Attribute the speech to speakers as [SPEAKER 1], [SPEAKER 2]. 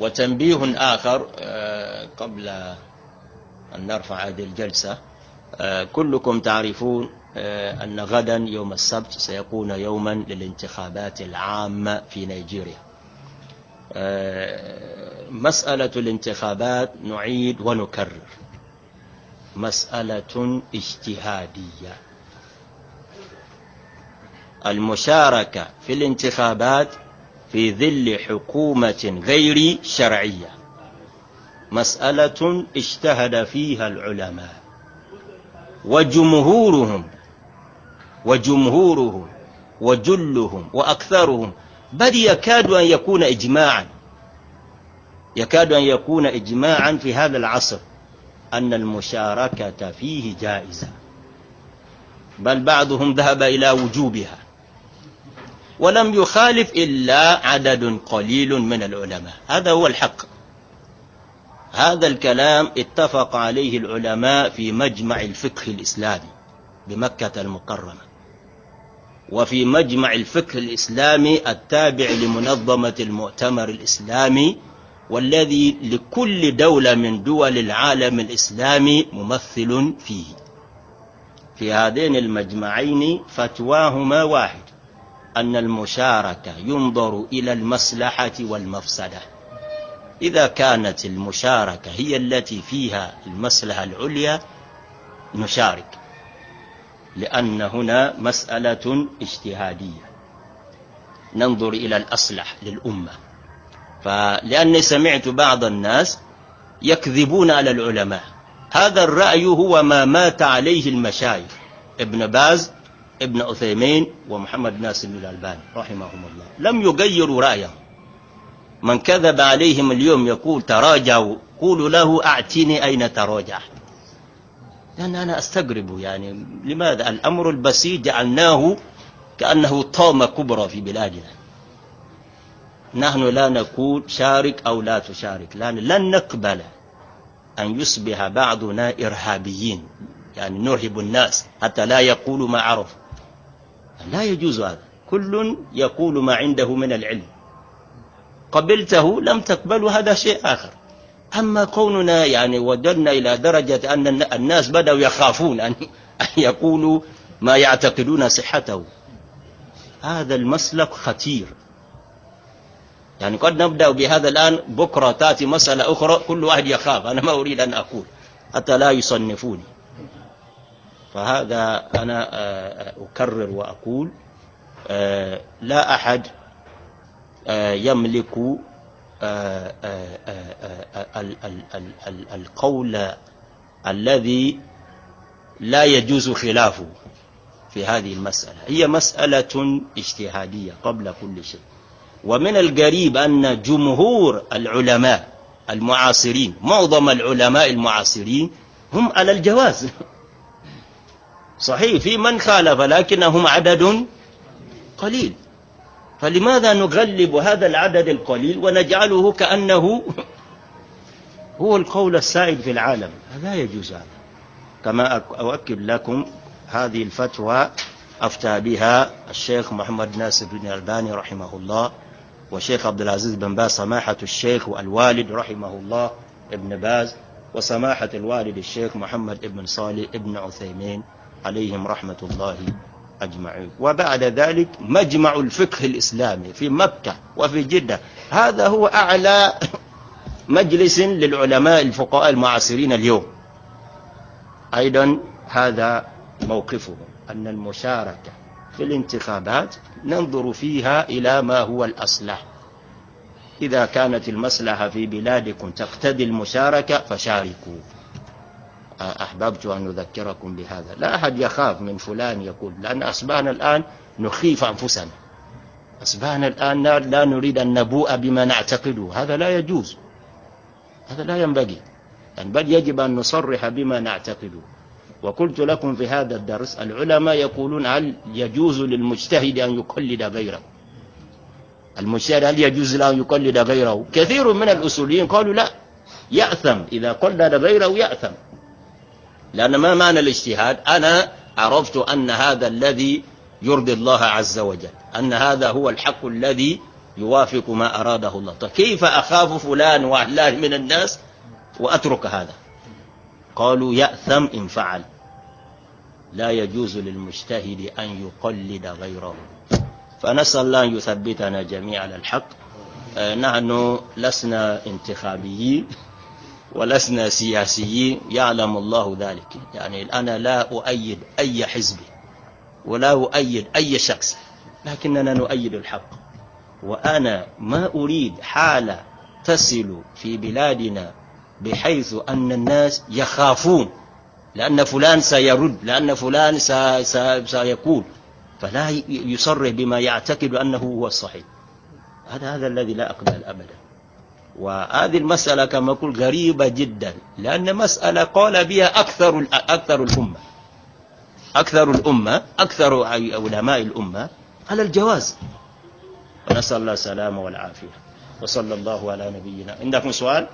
[SPEAKER 1] وتنبيه آخر آه، قبل أن نرفع هذه الجلسة آه، كلكم تعرفون آه، أن غدا يوم السبت سيكون يوما للانتخابات العامة في نيجيريا مسألة الانتخابات نعيد ونكرر مسألة اجتهادية المشاركة في الانتخابات في ظل حكومة غير شرعية مسألة اجتهد فيها العلماء وجمهورهم وجمهورهم وجلهم وأكثرهم بل يكاد أن يكون إجماعا يكاد أن يكون إجماعا في هذا العصر أن المشاركة فيه جائزة بل بعضهم ذهب إلى وجوبها ولم يخالف إلا عدد قليل من العلماء هذا هو الحق هذا الكلام اتفق عليه العلماء في مجمع الفقه الإسلامي بمكة المكرمة وفي مجمع الفقه الإسلامي التابع لمنظمة المؤتمر الإسلامي والذي لكل دولة من دول العالم الإسلامي ممثل فيه في هذين المجمعين فتواهما واحد أن المشاركة ينظر إلى المصلحة والمفسدة إذا كانت المشاركة هي التي فيها المصلحة العليا نشارك لأن هنا مسألة اجتهادية ننظر إلى الأصلح للأمة فلأني سمعت بعض الناس يكذبون على العلماء هذا الرأي هو ما مات عليه المشايخ ابن باز ابن عثيمين ومحمد ناصر الألباني رحمهم الله لم يغيروا رأيهم من كذب عليهم اليوم يقول تراجعوا قولوا له أعتني أين تراجعت لأن أنا أستغرب يعني لماذا الأمر البسيط جعلناه كأنه طامة كبرى في بلادنا نحن لا نقول شارك أو لا تشارك لأن لن نقبل أن يصبح بعضنا إرهابيين يعني نرهب الناس حتى لا يقولوا ما عرفوا لا يجوز هذا كل يقول ما عنده من العلم قبلته لم تقبل هذا شيء آخر أما كوننا يعني ودلنا إلى درجة أن الناس بدأوا يخافون أن يقولوا ما يعتقدون صحته هذا المسلك خطير يعني قد نبدأ بهذا الآن بكرة تأتي مسألة أخرى كل واحد يخاف أنا ما أريد أن أقول حتى لا يصنفوني فهذا أنا آه، أكرر وأقول آه، لا أحد آه، يملك القول الذي لا يجوز خلافه في هذه المسألة هي مسألة اجتهادية قبل كل شيء ومن القريب أن جمهور العلماء المعاصرين معظم العلماء المعاصرين هم على الجواز صحيح في من خالف لكنهم عدد قليل فلماذا نغلب هذا العدد القليل ونجعله كأنه هو القول السائد في العالم لا يجوز هذا كما أؤكد لكم هذه الفتوى أفتى بها الشيخ محمد ناصر بن الألباني رحمه الله وشيخ عبد العزيز بن باز سماحة الشيخ والوالد رحمه الله ابن باز وسماحة الوالد الشيخ محمد ابن صالح ابن عثيمين عليهم رحمة الله أجمعين وبعد ذلك مجمع الفقه الإسلامي في مكة وفي جدة هذا هو أعلى مجلس للعلماء الفقهاء المعاصرين اليوم أيضا هذا موقفهم أن المشاركة في الانتخابات ننظر فيها إلى ما هو الأصلح إذا كانت المصلحة في بلادكم تقتضي المشاركة فشاركوا أحببت أن أذكركم بهذا لا أحد يخاف من فلان يقول لأن أصبحنا الآن نخيف أنفسنا أصبحنا الآن لا نريد أن نبوء بما نعتقده هذا لا يجوز هذا لا ينبغي يعني بل يجب أن نصرح بما نعتقده وقلت لكم في هذا الدرس العلماء يقولون هل يجوز للمجتهد أن يقلد غيره المجتهد هل يجوز له أن يقلد غيره كثير من الأصوليين قالوا لا يأثم إذا قلد غيره يأثم لأن ما معنى الاجتهاد أنا عرفت أن هذا الذي يرضي الله عز وجل أن هذا هو الحق الذي يوافق ما أراده الله طيب كيف أخاف فلان وعلان من الناس وأترك هذا قالوا يأثم إن فعل لا يجوز للمجتهد أن يقلد غيره فنسأل الله أن يثبتنا جميعا الحق آه، نحن لسنا انتخابيين ولسنا سياسيين يعلم الله ذلك يعني أنا لا أؤيد أي حزب ولا أؤيد أي شخص لكننا نؤيد الحق وأنا ما أريد حالة تصل في بلادنا بحيث أن الناس يخافون لأن فلان سيرد لأن فلان سيقول فلا يصرح بما يعتقد أنه هو الصحيح هذا هذا الذي لا أقبل أبدا وهذه المسألة كما قلت غريبة جدا لأن مسألة قال بها أكثر أكثر الأمة أكثر الأمة أكثر علماء الأمة على الجواز ونسأل الله السلامة والعافية وصلى الله على نبينا عندكم سؤال؟